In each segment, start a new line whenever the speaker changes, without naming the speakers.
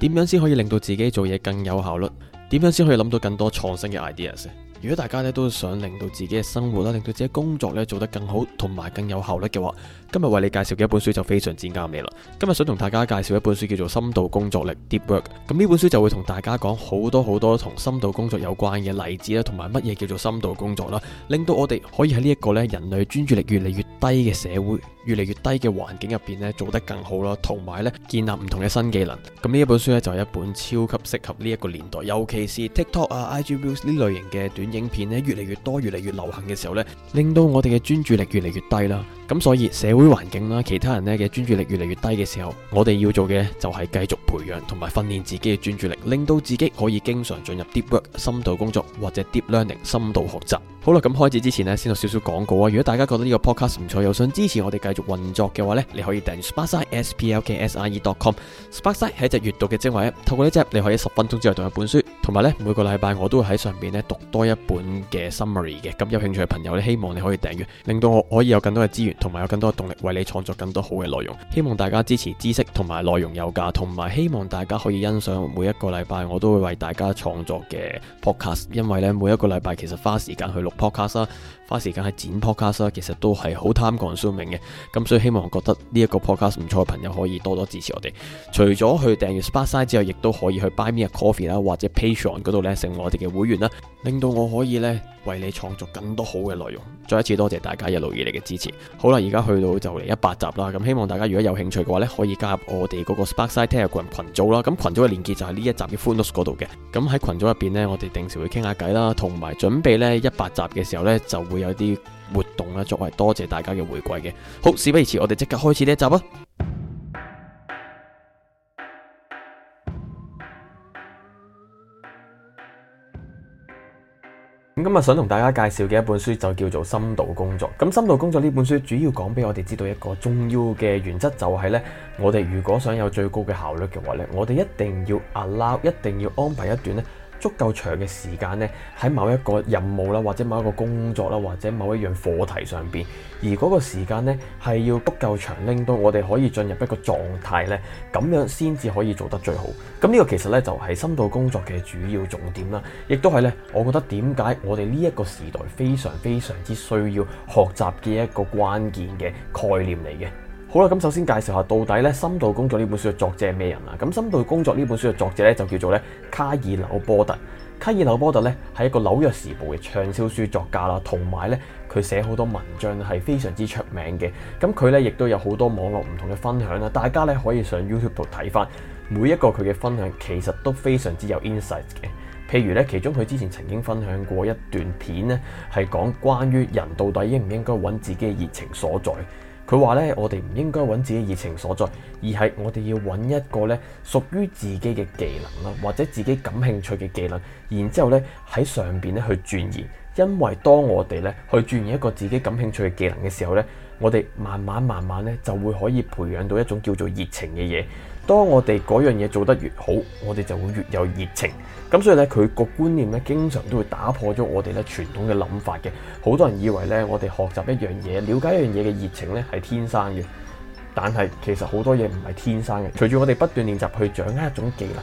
點樣先可以令到自己做嘢更有效率？點樣先可以諗到更多創新嘅 ideas？如果大家咧都想令到自己嘅生活啦，令到自己嘅工作咧做得更好同埋更有效率嘅話，今日為你介紹嘅一本書就非常之啱你啦。今日想同大家介紹一本書叫做《深度工作力》（Deep Work）。咁呢本書就會同大家講好多好多同深度工作有關嘅例子啦，同埋乜嘢叫做深度工作啦，令到我哋可以喺呢一個咧人類專注力越嚟越低嘅社會，越嚟越低嘅環境入邊咧做得更好啦，同埋咧建立唔同嘅新技能。咁呢一本書咧就係一本超級適合呢一個年代，尤其是 TikTok 啊、IG News 呢類型嘅短。影片咧越嚟越多，越嚟越流行嘅時候咧，令到我哋嘅專注力越嚟越低啦。咁所以社會環境啦、啊，其他人咧嘅專注力越嚟越低嘅時候，我哋要做嘅就係繼續培養同埋訓練自己嘅專注力，令到自己可以經常進入 deep work 深度工作或者 deep learning 深度學習。好啦，咁開始之前呢，先做少少廣告啊！如果大家覺得呢個 podcast 唔錯，又想支持我哋繼續運作嘅話呢，你可以訂閱 sparkside s p l k s i e dot com。sparkside 係一隻閲讀嘅精華啊！透過呢隻，你可以十分鐘之內讀一本書，同埋呢每個禮拜我都會喺上面咧讀多一本嘅 summary 嘅。咁有興趣嘅朋友呢，希望你可以訂閱，令到我可以有更多嘅資源。同埋有更多嘅動力為你創作更多好嘅內容，希望大家支持知識同埋內容有價，同埋希望大家可以欣賞每一個禮拜我都會為大家創作嘅 podcast，因為咧每一個禮拜其實花時間去錄 podcast 啦，花時間去剪 podcast 啦，其實都係好 time-consuming 嘅，咁所以希望覺得呢一個 podcast 唔錯嘅朋友可以多多支持我哋，除咗去訂閱 Spotify 之外，亦都可以去 Buy Me a Coffee 啦或者 Patreon 嗰度咧成我哋嘅會員啦，令到我可以呢，為你創作更多好嘅內容，再一次多謝大家一路以嚟嘅支持。好啦，而家去到就嚟一百集啦，咁希望大家如果有興趣嘅話呢，可以加入我哋嗰個 Sparkside Telegram 群組啦。咁群組嘅鏈接就喺呢一集嘅 Funus 嗰度嘅。咁喺群組入邊呢，我哋定時會傾下偈啦，同埋準備呢一百集嘅時候呢，就會有啲活動啦，作為多謝大家嘅回饋嘅。好，事不宜遲，我哋即刻開始呢一集啊！今日想同大家介紹嘅一本書就叫做《深度工作》。咁《深度工作》呢本書主要講俾我哋知道一個重要嘅原則，就係呢：我哋如果想有最高嘅效率嘅話呢，我哋一定要 allow，一定要安排一段足夠長嘅時間咧，喺某一個任務啦，或者某一個工作啦，或者某一樣課題上邊，而嗰個時間咧係要足夠長，令到我哋可以進入一個狀態咧，咁樣先至可以做得最好。咁呢個其實咧就係深度工作嘅主要重點啦，亦都係咧，我覺得點解我哋呢一個時代非常非常之需要學習嘅一個關鍵嘅概念嚟嘅。好啦，咁首先介紹下到底咧《深度工作》呢本書嘅作者係咩人啦？咁《深度工作》呢本書嘅作者咧就叫做咧卡爾紐波特。卡爾紐波特咧係一個紐約時報嘅暢銷書作家啦，同埋咧佢寫好多文章係非常之出名嘅。咁佢咧亦都有好多網絡唔同嘅分享啦，大家咧可以上 YouTube 度睇翻每一個佢嘅分享，其實都非常之有 insight 嘅。譬如咧，其中佢之前曾經分享過一段片咧，係講關於人到底應唔應該揾自己嘅熱情所在。佢話咧：我哋唔應該揾自己熱情所在，而係我哋要揾一個咧屬於自己嘅技能啦，或者自己感興趣嘅技能，然之後咧喺上面咧去鑽研，因為當我哋咧去鑽研一個自己感興趣嘅技能嘅時候咧，我哋慢慢慢慢咧就會可以培養到一種叫做熱情嘅嘢。當我哋嗰樣嘢做得越好，我哋就會越有熱情。咁所以咧，佢個觀念咧，經常都會打破咗我哋咧傳統嘅諗法嘅。好多人以為咧，我哋學習一樣嘢，了解一樣嘢嘅熱情咧係天生嘅，但係其實好多嘢唔係天生嘅。隨住我哋不斷練習去掌握一種技能。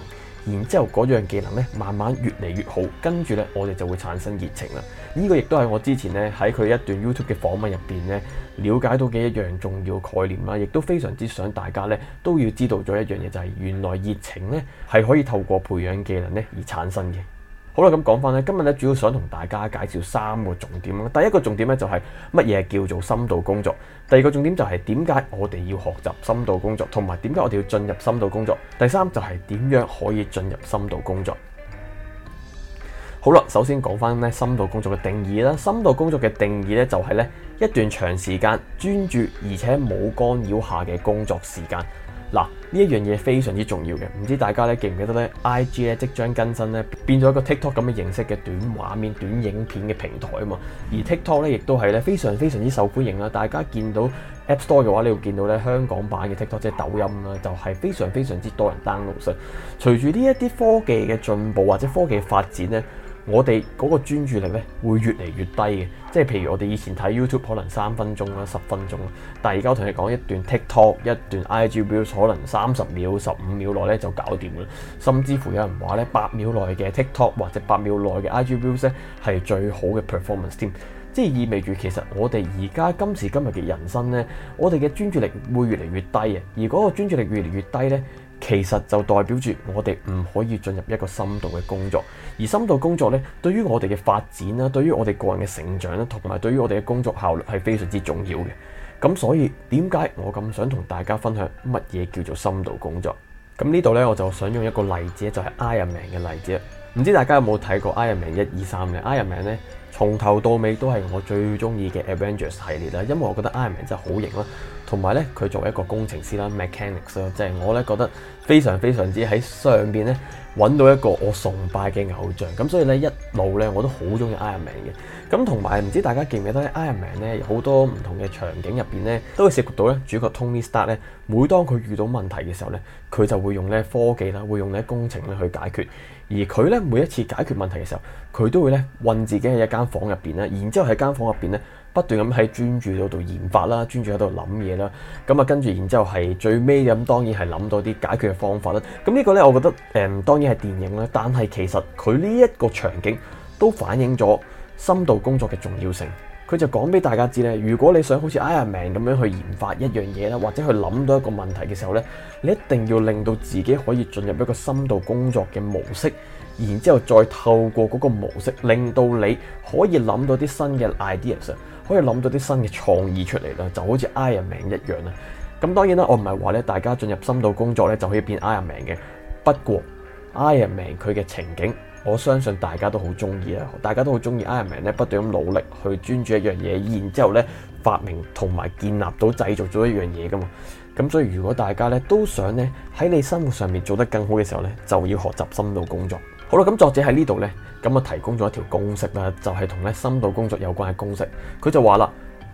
然之後嗰樣技能咧，慢慢越嚟越好，跟住咧，我哋就會產生熱情啦。呢個亦都係我之前咧喺佢一段 YouTube 嘅訪問入邊咧，了解到嘅一樣重要概念啦。亦都非常之想大家咧都要知道咗一樣嘢，就係原來熱情咧係可以透過培養技能咧而產生嘅。好啦，咁講翻咧，今日咧主要想同大家介紹三個重點。第一個重點咧就係乜嘢叫做深度工作。第二個重點就係點解我哋要學習深度工作，同埋點解我哋要進入深度工作。第三就係點樣可以進入深度工作。好啦，首先講翻咧深度工作嘅定義啦。深度工作嘅定義咧就係咧一段長時間專注而且冇干擾下嘅工作時間。嗱，呢一樣嘢非常之重要嘅，唔知大家咧記唔記得咧？I G 咧即將更新咧，變咗一個 TikTok 咁嘅形式嘅短畫面、短影片嘅平台啊嘛。而 TikTok 咧亦都係咧非常非常之受歡迎啦。大家見到 App Store 嘅話，你會見到咧香港版嘅 TikTok，即係抖音啦，就係非常非常之多人 download。隨住呢一啲科技嘅進步或者科技嘅發展咧。我哋嗰個專注力咧會越嚟越低嘅，即係譬如我哋以前睇 YouTube 可能三分鐘啦、十分鐘啦，但係而家我同你講一段 TikTok 一段 IG Views 可能三十秒、十五秒內咧就搞掂啦，甚至乎有人話咧八秒內嘅 TikTok 或者八秒內嘅 IG Views 咧係最好嘅 performance team，即係意味住其實我哋而家今時今日嘅人生咧，我哋嘅專注力會越嚟越低啊，而嗰個專注力越嚟越低咧。其實就代表住我哋唔可以進入一個深度嘅工作，而深度工作咧，對於我哋嘅發展啦，對於我哋個人嘅成長啦，同埋對於我哋嘅工作效率係非常之重要嘅。咁所以點解我咁想同大家分享乜嘢叫做深度工作？咁呢度咧，我就想用一個例子，就係、是、Iron Man 嘅例子啦。唔知大家有冇睇過 Iron Man 一二三嘅 Iron Man 咧，從頭到尾都係我最中意嘅 Avengers 系列啦，因為我覺得 Iron Man 真係好型啦。同埋咧，佢作為一個工程師啦，mechanics，即係我咧覺得非常非常之喺上面咧揾到一個我崇拜嘅偶像。咁所以咧一路咧我都好中意 Iron Man 嘅。咁同埋唔知大家記唔記得咧 Iron Man 咧好多唔同嘅場景入面咧都會涉及到咧主角 Tony Stark 咧，每當佢遇到問題嘅時候咧，佢就會用咧科技啦，會用咧工程咧去解決。而佢咧每一次解決問題嘅時候，佢都會咧困自己喺一間房入面啦，然之後喺間房入面咧。不斷咁喺專注度研發啦，專注喺度諗嘢啦，咁啊，跟住然之後係最尾咁當然係諗到啲解決嘅方法啦。咁、這、呢個呢，我覺得誒、嗯、當然係電影啦，但係其實佢呢一個場景都反映咗深度工作嘅重要性。佢就講俾大家知呢，如果你想好似 Iron Man 咁樣去研發一樣嘢啦，或者去諗到一個問題嘅時候呢，你一定要令到自己可以進入一個深度工作嘅模式，然之後再透過嗰個模式令到你可以諗到啲新嘅 ideas。可以諗到啲新嘅創意出嚟啦，就好似 Iron Man 一樣啦。咁當然啦，我唔係話咧大家進入深度工作咧就可以變 Iron Man 嘅。不過 Iron Man 佢嘅情景，我相信大家都好中意呀。大家都好中意 Iron Man 咧，不斷咁努力去專注一樣嘢，然之後咧發明同埋建立到製造咗一樣嘢噶嘛。咁所以如果大家咧都想咧喺你生活上面做得更好嘅時候咧，就要學習深度工作。好啦，咁作者喺呢度咧。咁啊，提供咗一條公式啦，就係同咧深度工作有關嘅公式。佢就話啦，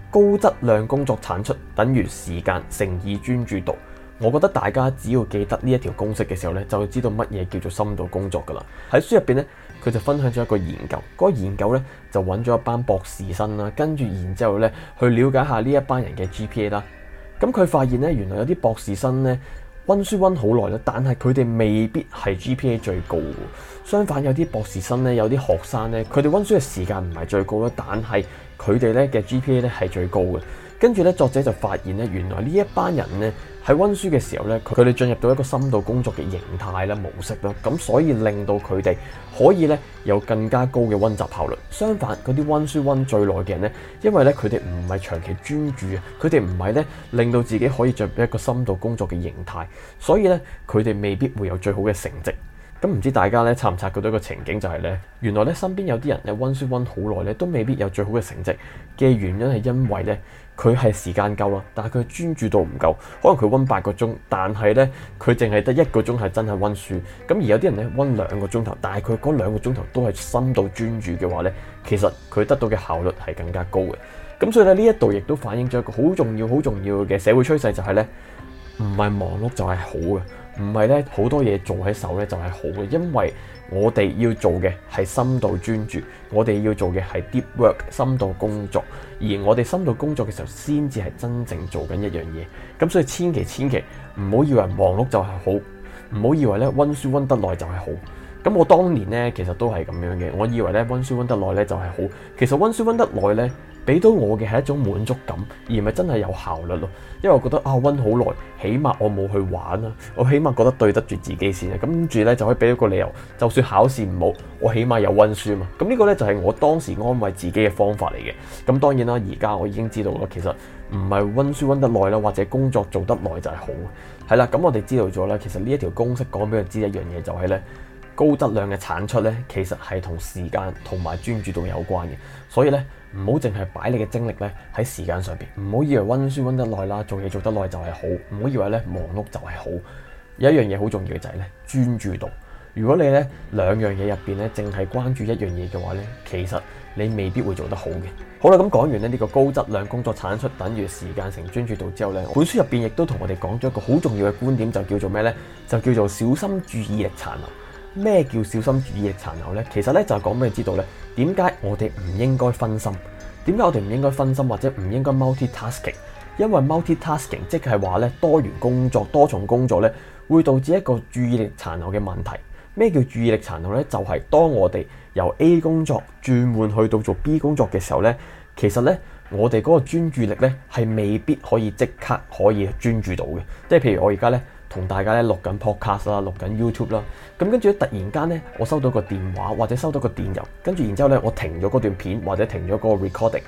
高質量工作產出等於時間乘以專注度。我覺得大家只要記得呢一條公式嘅時候咧，就會知道乜嘢叫做深度工作噶啦。喺書入邊咧，佢就分享咗一個研究。嗰個研究咧就揾咗一班博士生啦，跟住然之後咧去了解下呢一班人嘅 GPA 啦。咁佢發現咧，原來有啲博士生咧温書温好耐啦，但係佢哋未必係 GPA 最高。相反，有啲博士生咧，有啲學生咧，佢哋温書嘅時間唔係最高啦，但係佢哋咧嘅 GPA 咧係最高嘅。跟住咧，作者就發現咧，原來呢一班人咧喺温書嘅時候咧，佢哋進入到一個深度工作嘅形態啦、模式啦，咁所以令到佢哋可以咧有更加高嘅温習效率。相反，嗰啲温書温最耐嘅人咧，因為咧佢哋唔係長期專注啊，佢哋唔係咧令到自己可以進入一個深度工作嘅形態，所以咧佢哋未必會有最好嘅成績。咁唔知大家咧察唔察到一個情景就係、是、咧，原來咧身邊有啲人咧温書温好耐咧，都未必有最好嘅成績嘅原因係因為咧，佢係時間夠啦，但係佢專注度唔夠。可能佢温八個鐘，但係咧佢淨係得一個鐘係真係温書。咁而有啲人咧温兩個鐘頭，但係佢嗰兩個鐘頭都係深度專注嘅話咧，其實佢得到嘅效率係更加高嘅。咁所以咧呢一度亦都反映咗一個好重要、好重要嘅社會趨勢，就是，就係咧。唔係忙碌就係好嘅。唔係咧好多嘢做喺手咧就係好嘅，因為我哋要做嘅係深度專注，我哋要做嘅係 deep work 深度工作，而我哋深度工作嘅時候，先至係真正做緊一樣嘢。咁所以千祈千祈唔好以為忙碌就係好，唔好以為咧温書温得耐就係好。咁我當年咧其實都係咁樣嘅，我以為咧温書温得耐咧就係好，其實温書温得耐咧。俾到我嘅係一種滿足感，而唔係真係有效率咯。因為我覺得啊，温好耐，起碼我冇去玩啦，我起碼覺得對得住自己先啦。跟住咧就可以俾一個理由，就算考試唔好，我起碼有温書嘛。咁、這個、呢個咧就係、是、我當時安慰自己嘅方法嚟嘅。咁當然啦，而家我已經知道啦，其實唔係温書温得耐啦，或者工作做得耐就係好。係啦，咁我哋知道咗咧，其實呢一條公式講俾人知一樣嘢就係、是、咧，高質量嘅產出咧，其實係同時間同埋專注度有關嘅。所以咧。唔好淨係擺你嘅精力咧喺時間上邊，唔好以為温書温得耐啦，做嘢做得耐就係好，唔好以為咧忙碌就係好。有一樣嘢好重要嘅就係咧專注度。如果你咧兩樣嘢入邊咧淨係關注一樣嘢嘅話咧，其實你未必會做得好嘅。好啦，咁講完呢個高質量工作產出等於時間乘專注度之後咧，本書入邊亦都同我哋講咗一個好重要嘅觀點，就叫做咩咧？就叫做小心注意力殘留。咩叫小心注意力殘留呢？其實呢，就係講俾你知道呢：點解我哋唔應該分心，點解我哋唔應該分心或者唔應該 multi-tasking？因為 multi-tasking 即係話呢，多元工作、多重工作呢，會導致一個注意力殘留嘅問題。咩叫注意力殘留呢？就係當我哋由 A 工作轉換去到做 B 工作嘅時候呢，其實呢，我哋嗰個專注力呢，係未必可以即刻可以專注到嘅。即係譬如我而家呢，同大家咧錄緊 podcast 啦，錄緊 YouTube 啦。咁跟住咧，突然間咧，我收到個電話或者收到個電郵，跟住然之後咧，我停咗嗰段片或者停咗個 recording，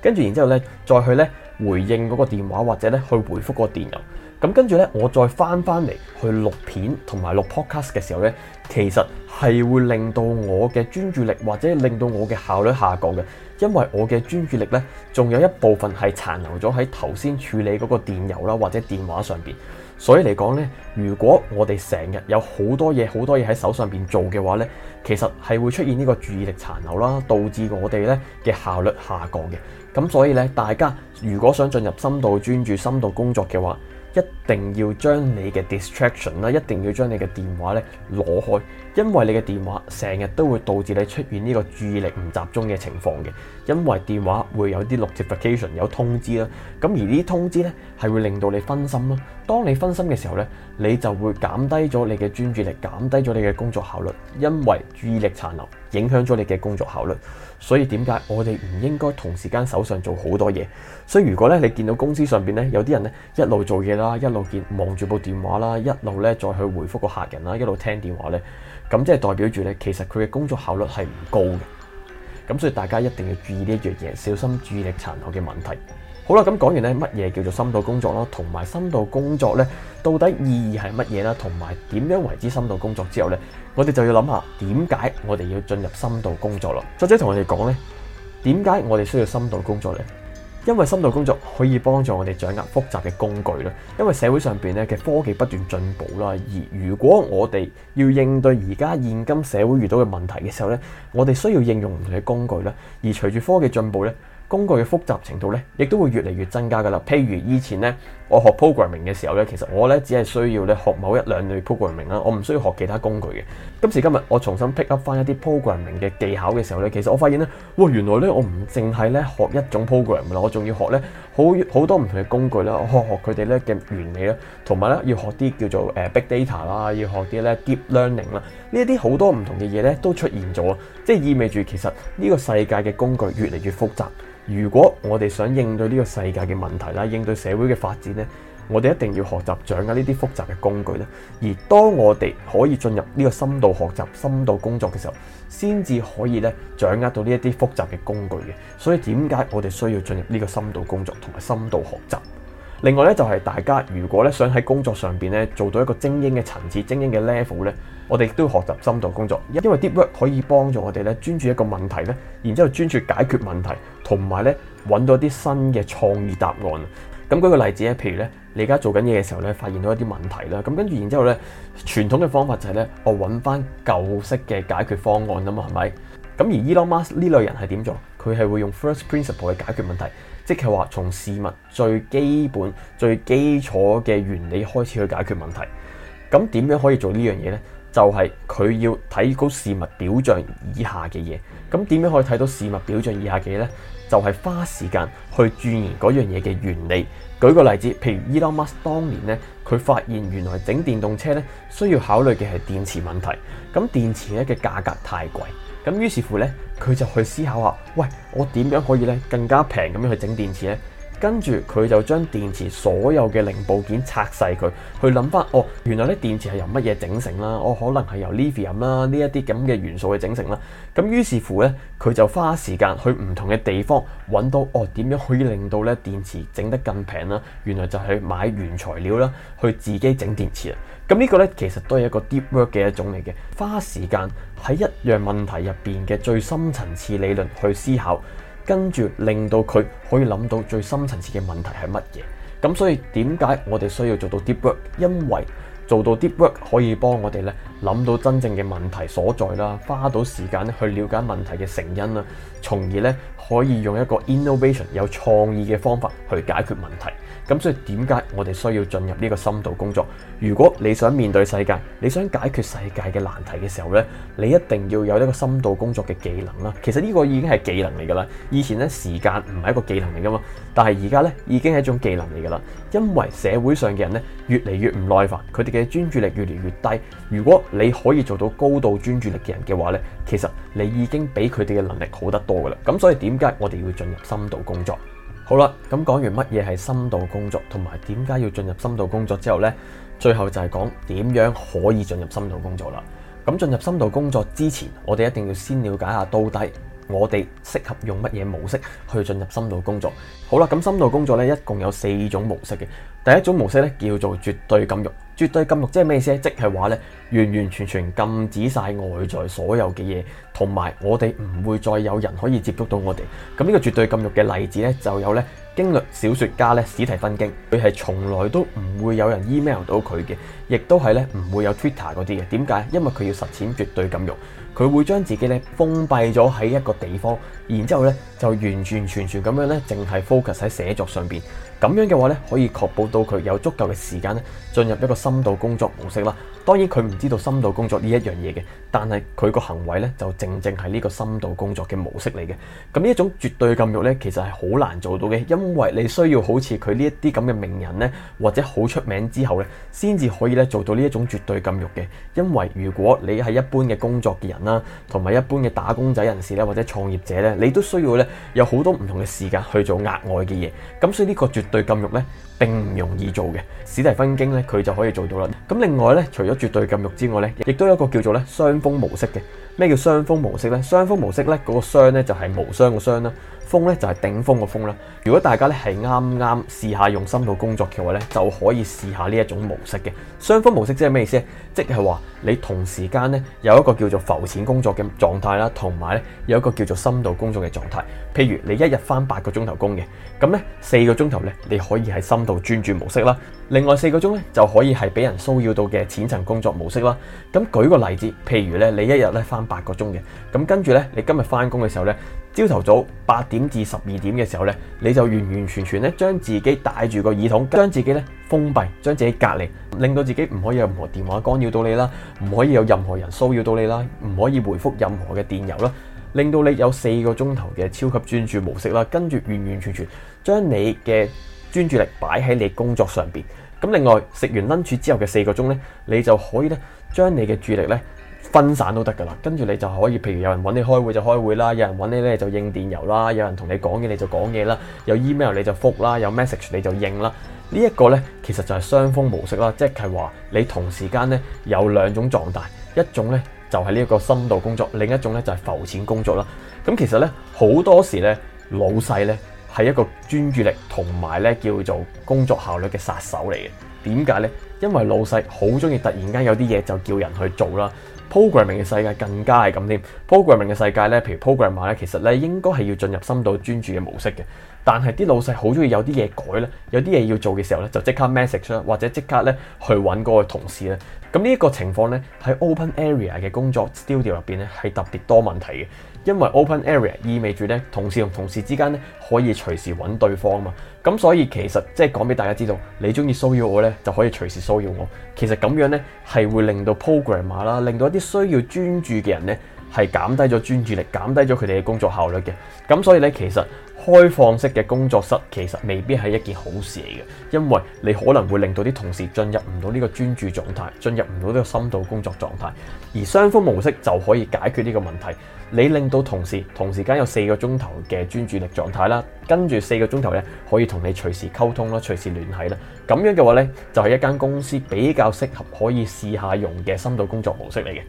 跟住然之後咧，再去咧回應嗰個電話或者咧去回覆個電郵。咁跟住咧，我再返返嚟去錄片同埋錄 podcast 嘅時候咧，其實係會令到我嘅專注力或者令到我嘅效率下降嘅，因為我嘅專注力咧仲有一部分係殘留咗喺頭先處理嗰個電郵啦或者電話上面。所以嚟講咧，如果我哋成日有好多嘢、好多嘢喺手上邊做嘅話咧，其實係會出現呢個注意力殘留啦，導致我哋咧嘅效率下降嘅。咁所以咧，大家如果想進入深度專注、深度工作嘅話，一定要將你嘅 distraction 啦，一定要將你嘅電話咧攞開因為你嘅電話成日都會導致你出現呢個注意力唔集中嘅情況嘅，因為電話會有啲 notification 有通知啦，咁而啲通知呢係會令到你分心啦。當你分心嘅時候呢，你就會減低咗你嘅專注力，減低咗你嘅工作效率，因為注意力殘留影響咗你嘅工作效率。所以點解我哋唔應該同時間手上做好多嘢？所以如果咧你見到公司上面呢有啲人呢一路做嘢啦，一路見望住部電話啦，一路呢再去回覆個客人啦，一路聽電話呢。咁即係代表住咧，其實佢嘅工作效率係唔高嘅。咁所以大家一定要注意呢一樣嘢，小心注意力殘留嘅問題。好啦，咁講完咧，乜嘢叫做深度工作咯？同埋深度工作咧，到底意義係乜嘢啦？同埋點樣為之深度工作之後咧，我哋就要諗下點解我哋要進入深度工作啦。作者同我哋講咧，點解我哋需要深度工作咧？因為深度工作可以幫助我哋掌握複雜嘅工具啦，因為社會上邊咧嘅科技不斷進步啦，而如果我哋要應對而家現今社會遇到嘅問題嘅時候咧，我哋需要應用唔同嘅工具啦，而隨住科技進步咧。工具嘅複雜程度咧，亦都會越嚟越增加噶啦。譬如以前咧，我學 programming 嘅時候咧，其實我咧只係需要咧學某一兩類 programming 啦，我唔需要學其他工具嘅。今時今日我重新 pick up 翻一啲 programming 嘅技巧嘅時候咧，其實我發現咧，哇，原來咧我唔淨係咧學一種 programming 啦，我仲要學咧好好多唔同嘅工具啦，我學學佢哋咧嘅原理啦，同埋咧要學啲叫做誒 big data 啦，要學啲咧 deep learning 啦，呢一啲好多唔同嘅嘢咧都出現咗，即係意味住其實呢個世界嘅工具越嚟越複雜。如果我哋想應對呢個世界嘅問題啦，應對社會嘅發展咧，我哋一定要學習掌握呢啲複雜嘅工具咧。而當我哋可以進入呢個深度學習、深度工作嘅時候，先至可以咧掌握到呢一啲複雜嘅工具嘅。所以點解我哋需要進入呢個深度工作同埋深度學習？另外咧，就係大家如果咧想喺工作上邊咧做到一個精英嘅層次、精英嘅 level 咧。我哋亦都學習深度工作，因為 deep work 可以幫助我哋咧專注一個問題咧，然之後專注解決問題，同埋咧揾到一啲新嘅創意答案。咁舉個例子咧，譬如咧你而家做緊嘢嘅時候咧，發現到一啲問題啦，咁跟住然之後咧，傳統嘅方法就係咧，我揾翻舊式嘅解決方案啊嘛，係咪？咁而 Elon Musk 呢類人係點做？佢係會用 first principle 去解決問題，即係話從事物最基本、最基礎嘅原理開始去解決問題。咁點樣可以做呢樣嘢咧？就係、是、佢要睇高事物表象以下嘅嘢，咁點樣可以睇到事物表象以下嘅呢？就係、是、花時間去鑽研嗰樣嘢嘅原理。舉個例子，譬如 Elon Musk 當年呢，佢發現原來整電動車呢需要考慮嘅係電池問題，咁電池咧嘅價格太貴，咁於是乎呢，佢就去思考下，「喂，我點樣可以呢更加平咁樣去整電池呢？」跟住佢就將電池所有嘅零部件拆細佢，去諗翻哦，原來咧電池係由乜嘢整成啦？哦，可能係由 lithium 啦呢一啲咁嘅元素去整成啦。咁於是乎咧，佢就花時間去唔同嘅地方揾到哦，點樣可以令到咧電池整得更平啦？原來就係買原材料啦，去自己整電池啦。咁呢個咧其實都係一個 deep work 嘅一種嚟嘅，花時間喺一樣問題入邊嘅最深層次理論去思考。跟住令到佢可以諗到最深層次嘅問題係乜嘢，咁所以點解我哋需要做到 deep work？因為做到 deep work 可以幫我哋咧諗到真正嘅問題所在啦，花到時間去了解問題嘅成因啦，從而咧可以用一個 innovation 有創意嘅方法去解決問題。咁所以點解我哋需要進入呢個深度工作？如果你想面對世界，你想解決世界嘅難題嘅時候咧，你一定要有一個深度工作嘅技能啦。其實呢個已經係技能嚟㗎啦。以前咧時間唔係一個技能嚟㗎嘛，但係而家咧已經係一種技能嚟㗎啦。因為社會上嘅人咧越嚟越唔耐煩，佢哋嘅專注力越嚟越低。如果你可以做到高度專注力嘅人嘅話咧，其實你已經比佢哋嘅能力好得多㗎啦。咁所以點解我哋要進入深度工作？好啦，咁講完乜嘢係深度工作，同埋點解要進入深度工作之後呢？最後就係講點樣可以進入深度工作啦。咁進入深度工作之前，我哋一定要先了解下到底我哋適合用乜嘢模式去進入深度工作。好啦，咁深度工作呢，一共有四種模式嘅，第一種模式呢，叫做絕對禁慾。絕對禁欲即係咩意思？即係話呢，完完全全禁止晒外在所有嘅嘢，同埋我哋唔會再有人可以接觸到我哋。咁呢個絕對禁欲嘅例子呢，就有呢，驚慄小說家呢，史提芬金，佢係從來都唔會有人 email 到佢嘅。亦都係咧，唔會有 Twitter 嗰啲嘅。點解？因為佢要實踐絕對禁欲，佢會將自己咧封閉咗喺一個地方，然之後咧就完完全全咁樣咧，淨係 focus 喺寫作上邊。咁樣嘅話咧，可以確保到佢有足夠嘅時間咧，進入一個深度工作模式啦。當然佢唔知道深度工作呢一樣嘢嘅，但係佢個行為咧就正正係呢個深度工作嘅模式嚟嘅。咁呢一種絕對禁欲咧，其實係好難做到嘅，因為你需要好似佢呢一啲咁嘅名人咧，或者好出名之後咧，先至可以。做到呢一種絕對禁欲嘅，因為如果你係一般嘅工作嘅人啦，同埋一般嘅打工仔人士咧，或者創業者咧，你都需要咧有好多唔同嘅時間去做額外嘅嘢噉，所以呢個絕對禁欲咧。並唔容易做嘅，史蒂芬經咧佢就可以做到啦。咁另外咧，除咗絕對禁欲之外咧，亦都有一個叫做咧雙峰模式嘅。咩叫雙峰模式咧？雙峰模式咧嗰個雙咧就係無雙嘅雙啦，峰咧就係頂峰嘅峰啦。如果大家咧係啱啱試下用深度工作嘅話咧，就可以試下呢一種模式嘅雙峰模式，即係咩意思咧？即係話你同時間咧有一個叫做浮淺工作嘅狀態啦，同埋咧有一個叫做深度工作嘅狀態。譬如你一日翻八個鐘頭工嘅，咁咧四個鐘頭咧你可以喺深。專注模式啦，另外四個鐘咧就可以係俾人騷擾到嘅淺層工作模式啦。咁舉個例子，譬如咧你一日咧翻八個鐘嘅，咁跟住咧你今日翻工嘅時候咧，朝頭早八點至十二點嘅時候咧，你就完完全全咧將自己戴住個耳筒，將自己咧封閉，將自己隔離，令到自己唔可以有任何電話干擾到你啦，唔可以有任何人騷擾到你啦，唔可以回覆任何嘅電郵啦，令到你有四個鐘頭嘅超級專注模式啦，跟住完完全全將你嘅。專注力擺喺你工作上面，咁另外食完 lunch 之後嘅四個鐘呢，你就可以呢將你嘅注意力呢分散都得㗎啦。跟住你就可以，譬如有人揾你開會就開會啦，有人揾你呢就應電郵啦，有人同你講嘢你就講嘢啦，有 email 你就覆啦，有 message 你就應啦。呢一個呢，其實就係雙峰模式啦，即係話你同時間呢，有兩種狀態，一種呢，就係呢一個深度工作，另一種呢，就係浮淺工作啦。咁其實呢，好多時呢，老細呢。係一個專注力同埋咧，叫做工作效率嘅殺手嚟嘅，點解呢？因為老細好中意突然間有啲嘢就叫人去做啦。programming 嘅世界更加係咁添。programming 嘅世界咧，譬如 programmer 咧，其實咧，應該係要進入深度專注嘅模式嘅，但係啲老細好中意有啲嘢改咧，有啲嘢要做嘅時候咧，就即刻 message 啦，或者即刻咧去揾嗰個同事啦。咁呢一個情況咧，喺 open area 嘅工作 studio 入邊咧，係特別多問題嘅。因為 open area 意味住咧，同事同同事之間咧可以隨時揾對方嘛。咁所以其實即係講俾大家知道，你中意騷擾我咧，就可以隨時騷擾我。其實咁樣咧係會令到 programmer 啦，令到一啲需要專注嘅人咧係減低咗專注力，減低咗佢哋嘅工作效率嘅。咁所以咧，其實開放式嘅工作室其實未必係一件好事嚟嘅，因為你可能會令到啲同事進入唔到呢個專注狀態，進入唔到呢個深度工作狀態。而雙方模式就可以解決呢個問題。你令到同事同時間有四個鐘頭嘅專注力狀態啦，跟住四個鐘頭咧可以同你隨時溝通啦，隨時聯繫啦。咁樣嘅話咧，就係一間公司比較適合可以試下用嘅深度工作模式嚟嘅。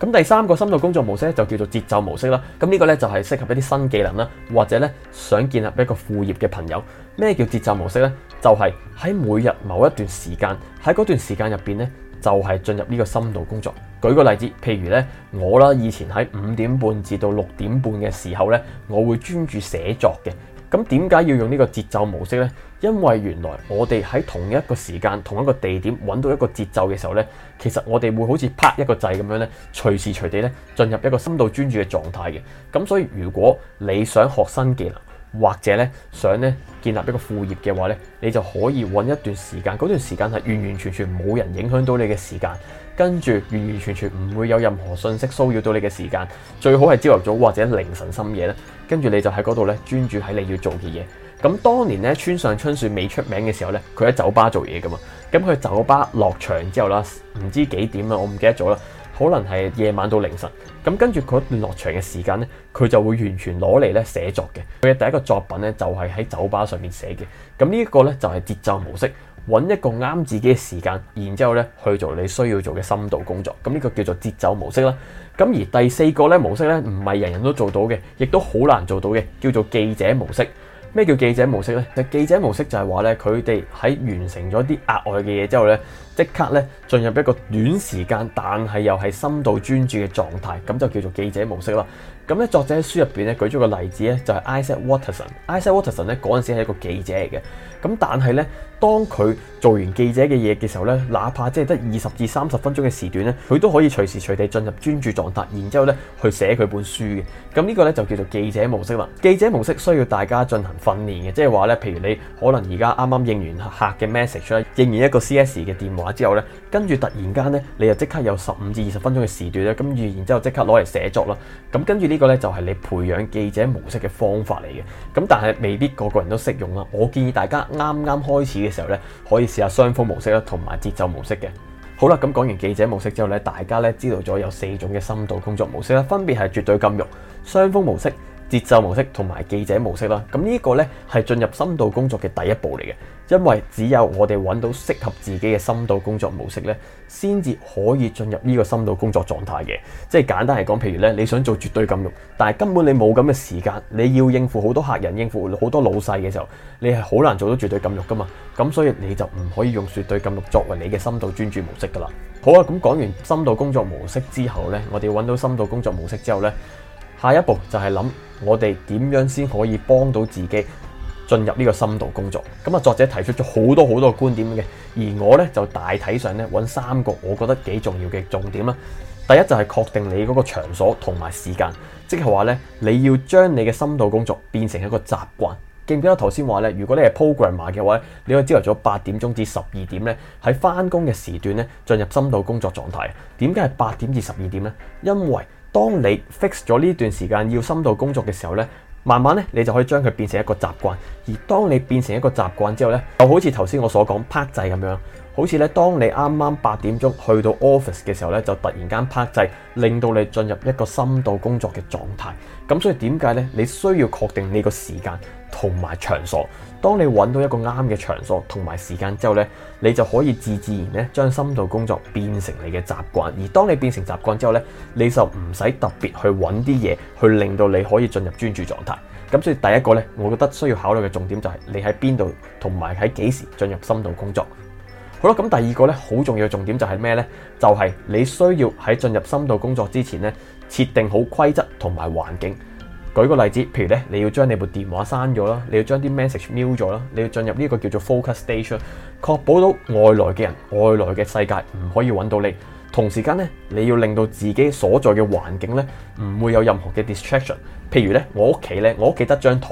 咁第三個深度工作模式咧就叫做節奏模式啦。咁呢個咧就係適合一啲新技能啦，或者咧想建立一個副業嘅朋友。咩叫節奏模式咧？就係喺每日某一段時間，喺嗰段時間入面咧，就係、是、進入呢個深度工作。舉個例子，譬如呢，我啦，以前喺五點半至到六點半嘅時候呢，我會專注寫作嘅。咁點解要用呢個節奏模式呢？因為原來我哋喺同一個時間、同一個地點揾到一個節奏嘅時候呢，其實我哋會好似啪一個掣咁樣呢，隨時隨地呢進入一個深度專注嘅狀態嘅。咁所以如果你想學新技能，或者咧想咧建立一個副業嘅話咧，你就可以揾一段時間，嗰段時間係完完全全冇人影響到你嘅時間，跟住完完全全唔會有任何信息騷擾到你嘅時間。最好係朝頭早或者凌晨深夜啦，跟住你就喺嗰度咧專注喺你要做嘅嘢。咁當年咧，村上春樹未出名嘅時候咧，佢喺酒吧做嘢噶嘛。咁佢酒吧落場之後啦，唔知幾點啊，我唔記得咗啦。可能係夜晚到凌晨。咁跟住佢一段落場嘅時間咧，佢就會完全攞嚟咧寫作嘅。佢嘅第一個作品咧就係喺酒吧上面寫嘅。咁呢一個咧就係節奏模式，揾一個啱自己嘅時間，然之後咧去做你需要做嘅深度工作。咁呢個叫做節奏模式啦。咁而第四個咧模式咧唔係人人都做到嘅，亦都好難做到嘅，叫做記者模式。咩叫記者模式呢？就，記者模式就係話呢，佢哋喺完成咗啲額外嘅嘢之後呢，即刻呢進入一個短時間，但係又係深度專注嘅狀態，咁就叫做記者模式啦。咁咧，作者喺書入邊咧舉咗個例子咧，就係 Isaac Waterson。Isaac Waterson 咧嗰陣時係一個記者嚟嘅。咁但係咧，當佢做完記者嘅嘢嘅時候咧，哪怕即係得二十至三十分鐘嘅時段咧，佢都可以隨時隨地進入專注狀態，然之後咧去寫佢本書嘅。咁呢個咧就叫做記者模式啦。記者模式需要大家進行訓練嘅，即係話咧，譬如你可能而家啱啱應完客嘅 message，應完一個 CS 嘅電話之後咧，跟住突然間咧，你就即刻有十五至二十分鐘嘅時段咧，咁然之後即刻攞嚟寫作啦。咁跟住呢個咧就係你培養記者模式嘅方法嚟嘅，咁但係未必個個人都適用啦。我建議大家啱啱開始嘅時候咧，可以試下雙峰模式啦，同埋節奏模式嘅。好啦，咁講完記者模式之後咧，大家咧知道咗有四種嘅深度工作模式啦，分別係絕對禁欲、雙峰模式，節奏模式同埋記者模式啦，咁呢個呢，係進入深度工作嘅第一步嚟嘅，因為只有我哋搵到適合自己嘅深度工作模式呢，先至可以進入呢個深度工作狀態嘅。即係簡單嚟講，譬如呢，你想做絕對禁欲，但係根本你冇咁嘅時間，你要應付好多客人，應付好多老細嘅時候，你係好難做到絕對禁欲噶嘛。咁所以你就唔可以用絕對禁欲作為你嘅深度專注模式噶啦。好啊，咁講完深度工作模式之後呢，我哋搵到深度工作模式之後呢。下一步就係諗我哋點樣先可以幫到自己進入呢個深度工作。咁啊，作者提出咗好多好多的觀點嘅，而我咧就大體上咧揾三個我覺得幾重要嘅重點啦。第一就係確定你嗰個場所同埋時間，即係話咧，你要將你嘅深度工作變成一個習慣。記唔記得我頭先話咧，如果你係 programmer 嘅話，你可以朝頭早八點鐘至十二點咧，喺返工嘅時段咧進入深度工作狀態。點解係八點至十二點咧？因為當你 fix 咗呢段時間要深度工作嘅時候呢，慢慢咧你就可以將佢變成一個習慣。而當你變成一個習慣之後呢，就好似頭先我所講拍制咁樣，好似呢，當你啱啱八點鐘去到 office 嘅時候呢，就突然間拍制，令到你進入一個深度工作嘅狀態。咁所以點解呢？你需要確定你個時間同埋場所。當你揾到一個啱嘅場所同埋時間之後呢。你就可以自自然咧，將深度工作變成你嘅習慣。而當你變成習慣之後咧，你就唔使特別去揾啲嘢去令到你可以進入專注狀態。咁所以第一個咧，我覺得需要考慮嘅重點就係你喺邊度同埋喺幾時進入深度工作。好啦，咁第二個咧，好重要嘅重點就係咩咧？就係你需要喺進入深度工作之前咧，設定好規則同埋環境。舉個例子，譬如咧，你要將你部電話刪咗啦，你要將啲 message mute 咗啦，你要進入呢個叫做 focus station，確保到外來嘅人、外來嘅世界唔可以揾到你。同時間咧，你要令到自己所在嘅環境咧，唔會有任何嘅 distraction。譬如咧，我屋企咧，我屋企得張台，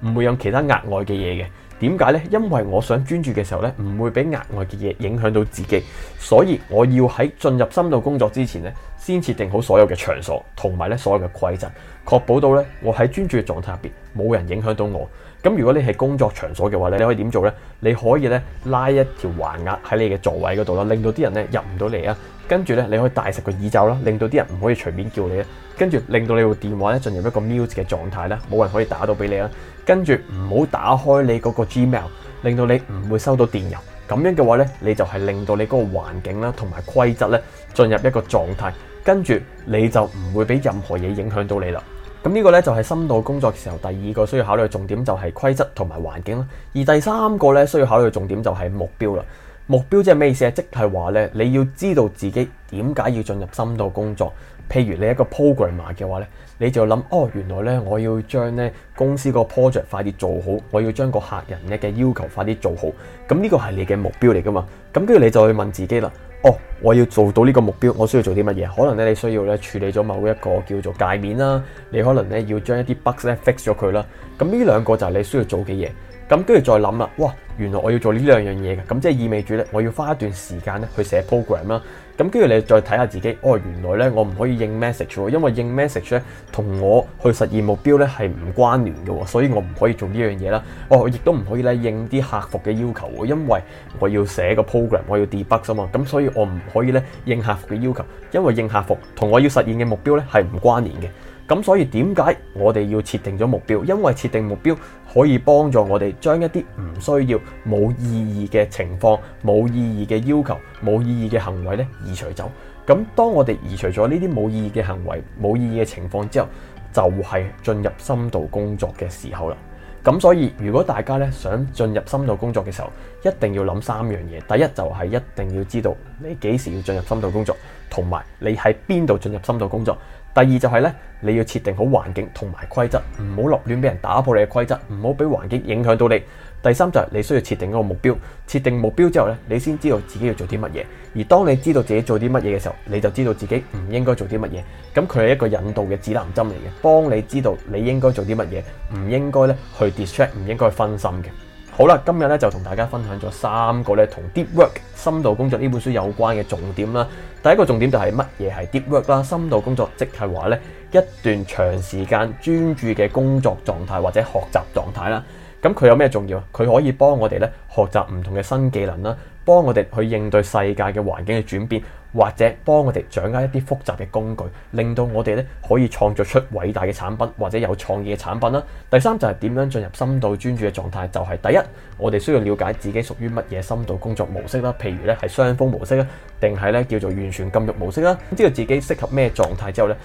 唔會有其他額外嘅嘢嘅。點解咧？因為我想專注嘅時候咧，唔會俾額外嘅嘢影響到自己，所以我要喺進入深度工作之前咧。先設定好所有嘅場所同埋咧所有嘅規則，確保到咧我喺專注嘅狀態入邊冇人影響到我。咁如果你係工作場所嘅話咧，你可以點做咧？你可以咧拉一條橫額喺你嘅座位嗰度啦，令到啲人咧入唔到嚟啊。跟住咧，你可以戴實個耳罩啦，令到啲人唔可以隨便叫你啊。跟住令到你部電話咧進入一個 mute 嘅狀態啦，冇人可以打到俾你啊。跟住唔好打開你嗰個 Gmail，令到你唔會收到電郵。咁樣嘅話咧，你就係令到你嗰個環境啦同埋規則咧進入一個狀態。跟住你就唔會俾任何嘢影響到你啦。咁呢個咧就係深度工作嘅時候第二個需要考慮嘅重點就係規則同埋環境啦。而第三個咧需要考慮嘅重點就係目標啦。目標即係咩意思啊？即係話咧，你要知道自己點解要進入深度工作。譬如你一個 programmer 嘅話咧，你就諗哦，原來咧我要將咧公司個 project 快啲做好，我要將個客人嘅嘅要求快啲做好。咁呢個係你嘅目標嚟噶嘛？咁跟住你就去問自己啦。哦，我要做到呢個目標，我需要做啲乜嘢？可能咧你需要咧處理咗某一個叫做界面啦，你可能咧要將一啲 bug 咧 fix 咗佢啦。咁呢兩個就係你需要做嘅嘢。咁跟住再諗啦，哇，原來我要做呢兩樣嘢嘅，咁即係意味住咧，我要花一段時間咧去寫 program 啦。咁跟住你再睇下自己，哦，原來咧我唔可以應 message 喎，因為應 message 咧同我去實現目標咧係唔關聯嘅喎，所以我唔可以做呢樣嘢啦。哦，亦都唔可以咧應啲客服嘅要求喎，因為我要寫個 program，我要 debug 啊嘛，咁所以我唔可以咧應客服嘅要求，因為應客服同我要實現嘅目標咧係唔關聯嘅。咁所以點解我哋要設定咗目標？因為設定目標可以幫助我哋將一啲唔需要、冇意義嘅情況、冇意義嘅要求、冇意義嘅行為咧移除走。咁當我哋移除咗呢啲冇意義嘅行為、冇意義嘅情況之後，就係進入深度工作嘅時候啦。咁所以如果大家咧想進入深度工作嘅時候，一定要諗三樣嘢。第一就係一定要知道你幾時要進入深度工作，同埋你喺邊度進入深度工作。第二就係咧，你要設定好環境同埋規則，唔好立亂，俾人打破你嘅規則，唔好俾環境影響到你。第三就係你需要設定嗰個目標，設定目標之後咧，你先知道自己要做啲乜嘢。而當你知道自己做啲乜嘢嘅時候，你就知道自己唔應該做啲乜嘢。咁佢係一個引導嘅指南針嚟嘅，幫你知道你應該做啲乜嘢，唔應該咧去 distract，唔應該分心嘅。好啦，今日咧就同大家分享咗三個咧同 Deep Work 深度工作呢本書有關嘅重點啦。第一個重點就係乜嘢係 Deep Work 啦？深度工作即係話咧一段長時間專注嘅工作狀態或者學習狀態啦。咁佢有咩重要啊？佢可以幫我哋咧學習唔同嘅新技能啦。幫我哋去應對世界嘅環境嘅轉變，或者幫我哋掌握一啲複雜嘅工具，令到我哋咧可以創造出偉大嘅產品或者有創意嘅產品啦。第三就係點樣進入深度專注嘅狀態，就係第一，我哋需要了解自己屬於乜嘢深度工作模式啦，譬如咧係雙峰模式啦，定係咧叫做完全禁欲模式啦，知道自己適合咩狀態之後咧，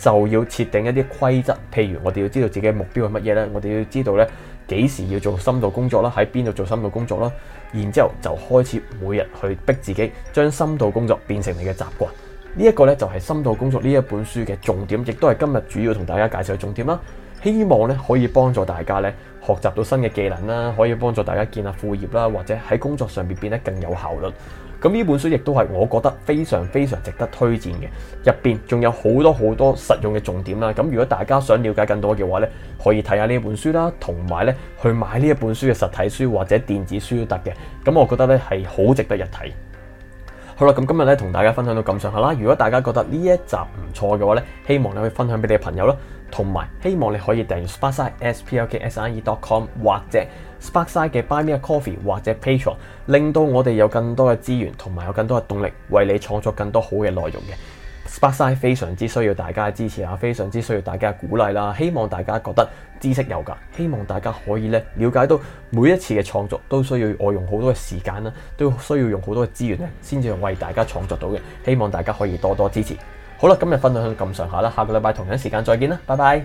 就要設定一啲規則，譬如我哋要知道自己嘅目標係乜嘢呢，我哋要知道咧幾時要做深度工作啦，喺邊度做深度工作啦，然之後就開始每日去逼自己，將深度工作變成你嘅習慣。呢一個咧就係深度工作呢一本書嘅重點，亦都係今日主要同大家介紹嘅重點啦。希望咧可以幫助大家咧學習到新嘅技能啦，可以幫助大家建立副業啦，或者喺工作上面變得更有效率。咁呢本書亦都係我覺得非常非常值得推薦嘅，入邊仲有好多好多實用嘅重點啦。咁如果大家想了解更多嘅話呢，可以睇下呢本書啦，同埋呢去買呢一本書嘅實體書或者電子書都得嘅。咁我覺得呢係好值得一睇。好啦，咁今日呢同大家分享到咁上下啦。如果大家覺得呢一集唔錯嘅話呢，希，希望你可以分享俾你嘅朋友啦，同埋希望你可以訂閱 s p a s e s p l k e s p i k e c o m 或者。Sparkside 嘅 Buy Me a Coffee 或者 Patreon，令到我哋有更多嘅資源同埋有更多嘅動力，為你創作更多好嘅內容嘅。Sparkside 非常之需要大家嘅支持啊，非常之需要大家嘅鼓勵啦。希望大家覺得知識有噶，希望大家可以咧了解到每一次嘅創作都需要我用好多嘅時間啦，都需要用好多嘅資源咧，先至為大家創作到嘅。希望大家可以多多支持。好啦，今日分享到咁上下啦，下個禮拜同樣時間再見啦，拜拜。